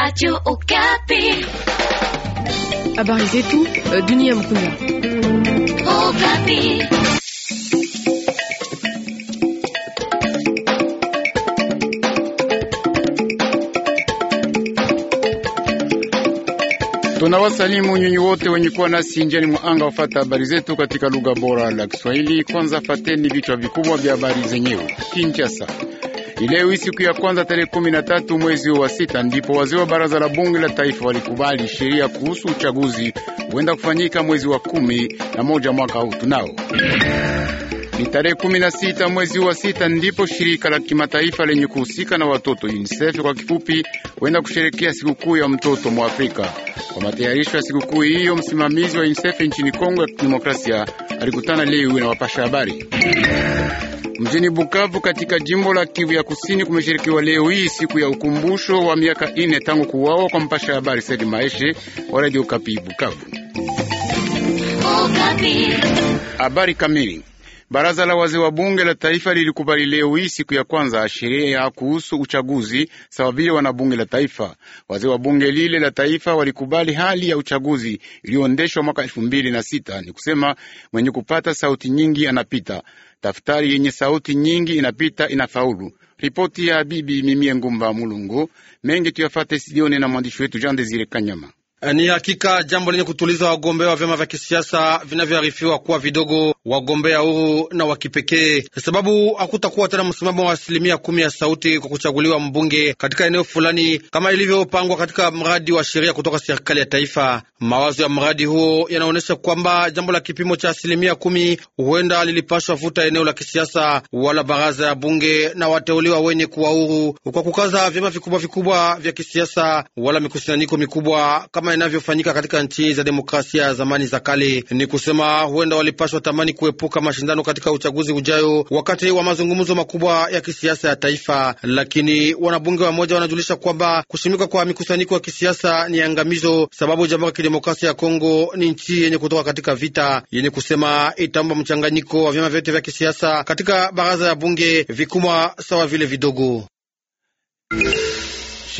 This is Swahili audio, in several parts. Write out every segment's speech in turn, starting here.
Radio Okapi. Habari zetu euh, dunia mkunda. Okapi. Tunawasalimu nyinyi wote wenye kuwa nasi njiani anga wafata habari zetu katika lugha bora la Kiswahili. Kwanza fateni vichwa vikubwa vya habari zenyewe. Kinshasa. Ileo hii siku ya kwanza tarehe kumi na tatu mwezi wa sita ndipo wazee wa baraza la bunge la taifa walikubali sheria kuhusu uchaguzi huenda kufanyika mwezi wa kumi na moja mwaka huu tunao ni tarehe kumi na sita mwezi wa sita ndipo shirika la kimataifa lenye kuhusika na watoto UNICEF kwa kifupi huenda kusherekea sikukuu ya mtoto mwa Afrika. Kwa matayarisho ya sikukuu hiyo, msimamizi wa UNICEF nchini Kongo ya Kidemokrasia alikutana leo na wapasha habari. Mjini Bukavu katika jimbo la Kivu ya Kusini kumeshirikiwa leo hii siku ya ukumbusho wa miaka ine tangu kuwawa kwa mpasha habari sedi Maeshe wa Radio Kapi Bukavu. Habari kamili Baraza la wazee wa bunge la taifa lilikubali leo hii siku ya kwanza sheria kuhusu uchaguzi sawa vile bunge la taifa. Wazee wa bunge lile la taifa walikubali hali ya uchaguzi iliyoendeshwa mwaka elfu mbili na sita ni kusema mwenye kupata sauti nyingi anapita, daftari yenye sauti nyingi inapita, inafaulu. Ripoti ya Bibi Mimie Ngumba Mulungu mengi tuyafate sidioni na mwandishi wetu Jean Desire Kanyama. Eh, ni hakika jambo lenye kutuliza wagombea wa vyama vya kisiasa vinavyoarifiwa kuwa vidogo, wagombea huru na wa kipekee, sababu hakutakuwa tena msimamo wa asilimia kumi ya sauti kwa kuchaguliwa mbunge katika eneo fulani, kama ilivyopangwa katika mradi wa sheria kutoka serikali ya taifa. Mawazo ya mradi huo yanaonyesha kwamba jambo la kipimo cha asilimia kumi huenda lilipashwa vuta eneo la kisiasa wala baraza ya bunge na wateuliwa wenye kuwa huru, kwa kukaza vyama vikubwa vikubwa vya kisiasa wala mikusanyiko mikubwa kama kama inavyofanyika katika nchi za demokrasia ya zamani za kale. Ni kusema huenda walipashwa tamani kuepuka mashindano katika uchaguzi ujayo wakati wa mazungumzo makubwa ya kisiasa ya taifa, lakini wanabunge wamoja wanajulisha kwamba kushimika kwa mikusanyiko ya kisiasa ni angamizo, sababu Jamhuri ya Kidemokrasia ya Kongo ni nchi yenye kutoka katika vita, yenye kusema itaomba mchanganyiko wa vyama vyote vya kisiasa katika baraza ya bunge vikubwa sawa vile vidogo.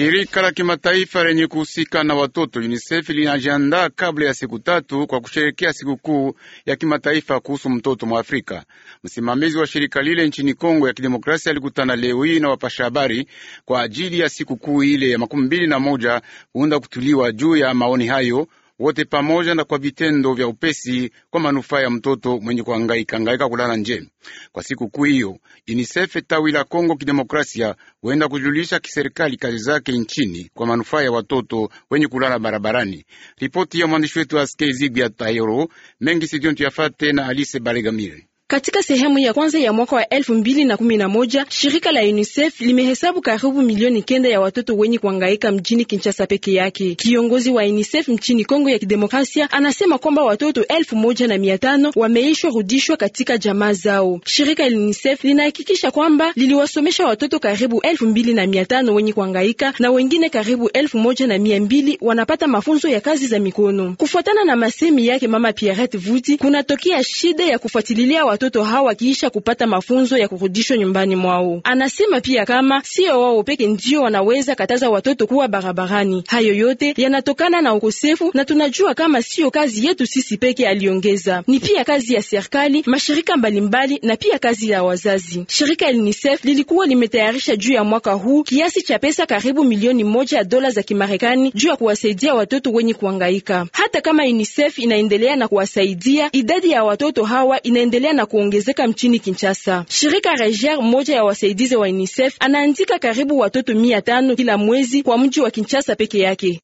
Shirika la kimataifa lenye kuhusika na watoto UNICEF linajiandaa kabla ya siku tatu kwa kusherekea sikukuu ya kimataifa kuhusu mtoto mwa Afrika. Msimamizi wa shirika lile nchini Kongo ya Kidemokrasia alikutana leo hii na wapasha habari kwa ajili ya sikukuu ile ya makumi mbili na moja kuunda kutuliwa juu ya maoni hayo wote pamoja na kwa vitendo vya upesi kwa manufaa ya mtoto mwenye kuhangaika kulala nje. Kwa siku kuu hiyo, UNICEF tawi la Kongo Kidemokrasia huenda kujulisha kiserikali kazi zake nchini kwa manufaa ya watoto wenye kulala barabarani. Ripoti ya mwandishi wetu ya Gwatayoro mengi sidiontu yafate na Alise Baregamire. Katika sehemu ya kwanza ya mwaka wa elfu mbili na kumi na moja shirika la UNICEF limehesabu karibu milioni kenda ya watoto wenye kuangaika mjini Kinshasa peke yake. Kiongozi wa UNICEF mchini Kongo ya Kidemokrasia anasema kwamba watoto elfu moja na mia tano wameishwa rudishwa katika jamaa zao. Shirika la UNICEF linahakikisha kwamba liliwasomesha watoto karibu elfu mbili na mia tano wenye kuangaika na wengine karibu elfu moja na mia mbili wanapata mafunzo ya kazi za mikono. Kufuatana na masemi yake Mama Pierrette Vuti, kunatokea shida ya kufuatililia watoto hawa wakiisha kupata mafunzo ya kurudishwa nyumbani mwao. Anasema pia kama sio wao peke ndio wanaweza kataza watoto kuwa barabarani. Hayo yote yanatokana na ukosefu, na tunajua kama sio kazi yetu sisi peke, aliongeza. Ni pia kazi ya serikali, mashirika mbalimbali mbali, na pia kazi ya wazazi. Shirika UNICEF lilikuwa limetayarisha juu ya mwaka huu kiasi cha pesa karibu milioni moja ya dola za Kimarekani juu ya kuwasaidia watoto wenye kuangaika. Hata kama UNICEF inaendelea na kuwasaidia, idadi ya watoto hawa inaendelea na kuongezeka mchini Kinshasa. Shirika Reger, moja ya wasaidizi wa UNICEF, anaandika karibu watoto mia tano kila mwezi kwa mji wa Kinshasa peke yake.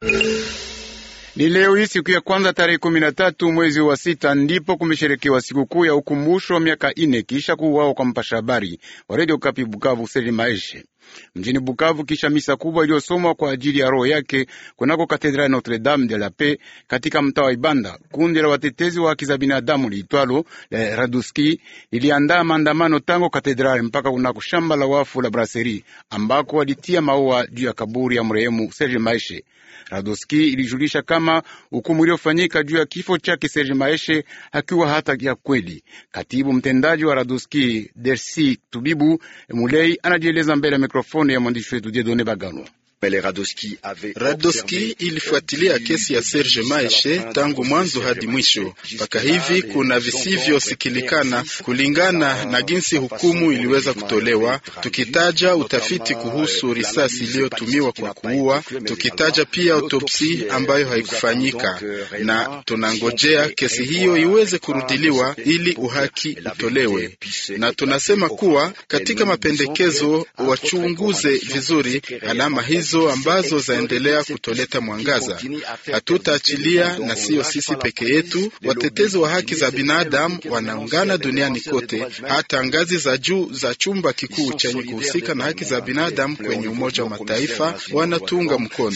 Ni leo hii siku ya kwanza tarehe kumi na tatu mwezi wa sita ndipo kumesherekewa sikukuu ya ukumbusho wa miaka ine kisha kuuawa kwa mpasha habari wa redio Kapi Bukavu Seli Maeshe mjini Bukavu kisha misa kubwa iliyosomwa kwa ajili ya roho yake kunako katedrali Notre Dame de la Paix katika mtaa wa Ibanda. Kundi la watetezi wa haki za binadamu liitwalo la Raduski liliandaa maandamano tangu katedrali mpaka kunako shamba la wafu la Braseri ambako walitia maua juu ya kaburi ya mrehemu Serge Maeshe. Radoski ilijulisha kama hukumu iliyofanyika juu ya kifo chake Serge Maeshe hakiwa hata ya kweli. Katibu mtendaji wa Radoski Dersi Tubibu Mulei anajieleza mbele ya mikrofoni ya mwandishi wetu Jedone Bagano. Radoski ilifuatilia kesi ya Serge Maeshe tangu mwanzo hadi mwisho. Mpaka hivi kuna visivyosikilikana kulingana na jinsi hukumu iliweza kutolewa, tukitaja utafiti kuhusu risasi iliyotumiwa kwa kuua, tukitaja pia autopsi ambayo haikufanyika, na tunangojea kesi hiyo iweze kurudiliwa ili uhaki utolewe, na tunasema kuwa katika mapendekezo wachunguze vizuri alama hizo hizo ambazo zaendelea kutoleta mwangaza. Hatutaachilia, na siyo sisi peke yetu. Watetezi wa haki za binadamu wanaungana duniani kote, hata ngazi za juu za chumba kikuu chenye kuhusika na haki za binadamu kwenye Umoja wa Mataifa wanatunga mkono.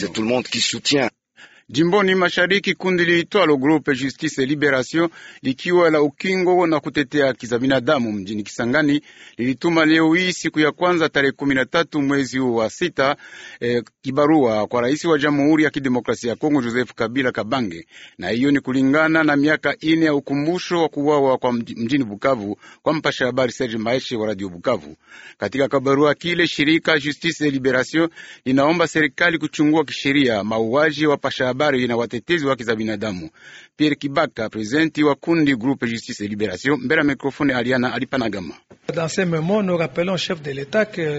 Jimboni mashariki kundi liitwalo Groupe Justice et Liberation likiwa la ukingo na kutetea haki za binadamu mjini Kisangani lilituma leo hii siku ya kwanza tarehe kumi na tatu mwezi huu wa sita eh, kibarua kwa rais wa Jamhuri ya Kidemokrasia ya Kongo Joseph Kabila Kabange, na hiyo ni kulingana na miaka ine ya ukumbusho wa kuwawa kwa mjini Bukavu kwa mpasha habari Serge Maeshe wa Radio Bukavu. Katika kabarua kile shirika Justice et Liberation inaomba serikali kuchungua kisheria mauaji wa wapasha habari na watetezi wa haki za binadamu. Pierre Kibaka, prezidenti wa kundi Groupe Justice et Liberation, mbele ya mikrofoni Aliana Alipanagama.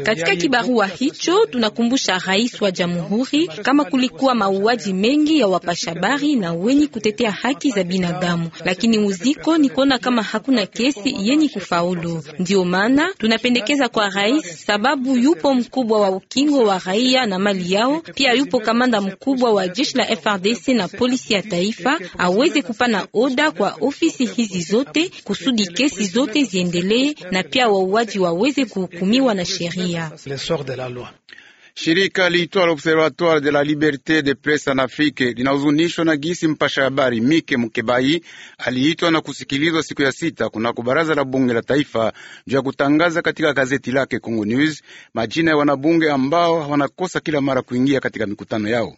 Katika kibarua hicho tunakumbusha rais wa jamhuri kama kulikuwa mauaji mengi ya wapashabari na wenye kutetea haki za binadamu, lakini uziko ni kuona kama hakuna kesi yenye kufaulu. ndio maana tunapendekeza kwa rais, sababu yupo mkubwa wa ukingo wa raia na mali yao, pia yupo kamanda mkubwa wa jeshi la FARDC na polisi ya taifa aweze kupana oda kwa ofisi hizi zote kusudi kesi zote ziendelee na pia wauaji waweze kuhukumiwa na sheria. Shirika liitwa l'Observatoire de la liberté de Presse en Afrique linahuzunishwa na gisi mpasha habari Mike Mukebai aliitwa na kusikilizwa siku ya sita kunako baraza la bunge la taifa juu ya kutangaza katika gazeti lake Congo News majina ya wanabunge ambao wanakosa kila mara kuingia katika mikutano yao.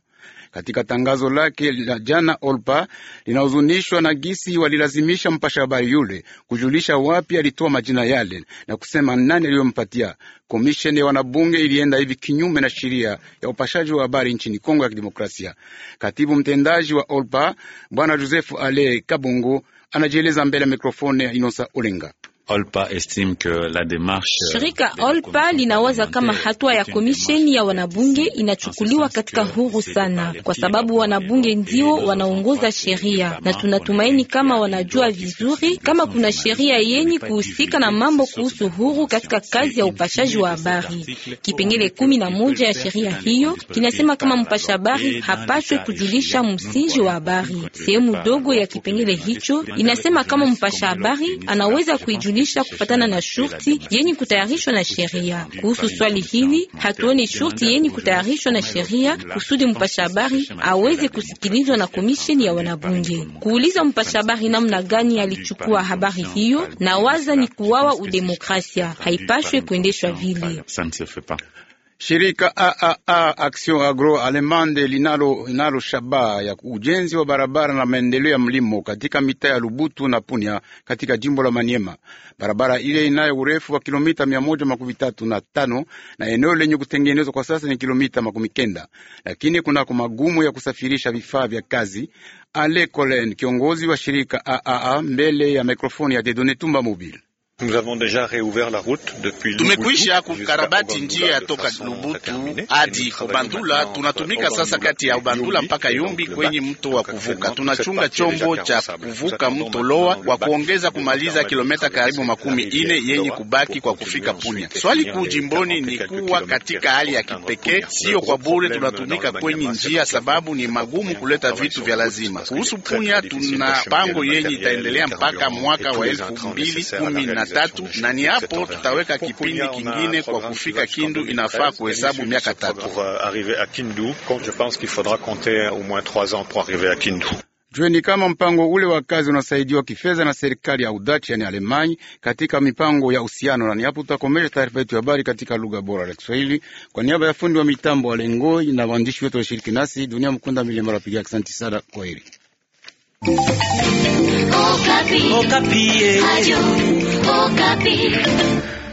Katika tangazo lake la jana, Olpa linahuzunishwa na gisi walilazimisha mpasha habari yule kujulisha wapi alitoa majina yale na kusema nani aliyompatia. Komisheni ya wanabunge ilienda hivi kinyume na sheria ya upashaji wa habari nchini Kongo ya Kidemokrasia. Katibu mtendaji wa Olpa Bwana Josefu Ale kabungu anajieleza mbele ya mikrofoni ya Inosa Olenga. Olpa estime que la démarche euh, shirika Olpa linawaza kama hatua ya komisheni ya wanabunge inachukuliwa katika huru sana, kwa sababu wanabunge ndio wanaongoza sheria, na tunatumaini kama wanajua vizuri kama kuna sheria yenye kuhusika na mambo kuhusu huru katika kazi ya upashaji wa habari. Kipengele kumi na moja ya sheria hiyo kinasema kama mpasha habari hapaswe kujulisha msingi wa habari. Sehemu dogo ya kipengele hicho inasema kama mpasha habari anaweza kuijulisha kuwasilisha kufatana na shurti yeni kutayarishwa na sheria. Kuhusu swali hili, hatuoni shurti yeni kutayarishwa na sheria kusudi mpasha habari aweze kusikilizwa na komisheni ya wanabunge. Kuuliza mpasha habari namna gani alichukua habari hiyo, na waza ni kuwawa udemokrasia, haipashwe kuendeshwa vile. Shirika AAA Action Agro Alemande linalo, linalo shabaha ya ujenzi wa barabara na maendeleo ya mlimo katika mitaa ya Lubutu na Punia katika jimbo la Maniema. Barabara ile inayo urefu wa kilomita 135 na tano na eneo lenye kutengenezwa kwa sasa ni kilomita 90 lakini kunako magumu ya kusafirisha vifaa vya kazi. Ale Colen, kiongozi wa shirika AAA, mbele ya mikrofoni ya Dedone Tumba Mobile. Tumekwisha kukarabati njia ya toka Lubutu hadi obandula Tunatumika sasa kati ya Ubandula mpaka Yumbi kwenye mto wa kuvuka. Tunachunga chombo cha kuvuka mto Loa kwa kuongeza kumaliza kilometa karibu makumi ine yenye kubaki kwa kufika Punya. Swali kuu jimboni ni kuwa katika hali ya kipekee, sio kwa bure tunatumika kwenye njia, sababu ni magumu kuleta vitu vya lazima. Kuhusu Punya, tuna pango yenye itaendelea mpaka mwaka wa elfu mbili kumi na tatu, na ni hapo tutaweka kipindi kingine kwa kufika Kindu. Inafaa kuhesabu miaka tatu. Jueni kama mpango ule wa kazi unasaidiwa kifedha na serikali ya Udachi, yani Alemani, katika mipango ya uhusiano. Na ni hapo tutakomesha taarifa yetu ya habari katika lugha bora la Kiswahili. Kwa niaba ya fundi wa mitambo wa Lengoi na waandishi wetu walishiriki nasi, Dunia Mkunda Milemara piga asanti sana. Kwaheri. Okapi. Okapi. Eh.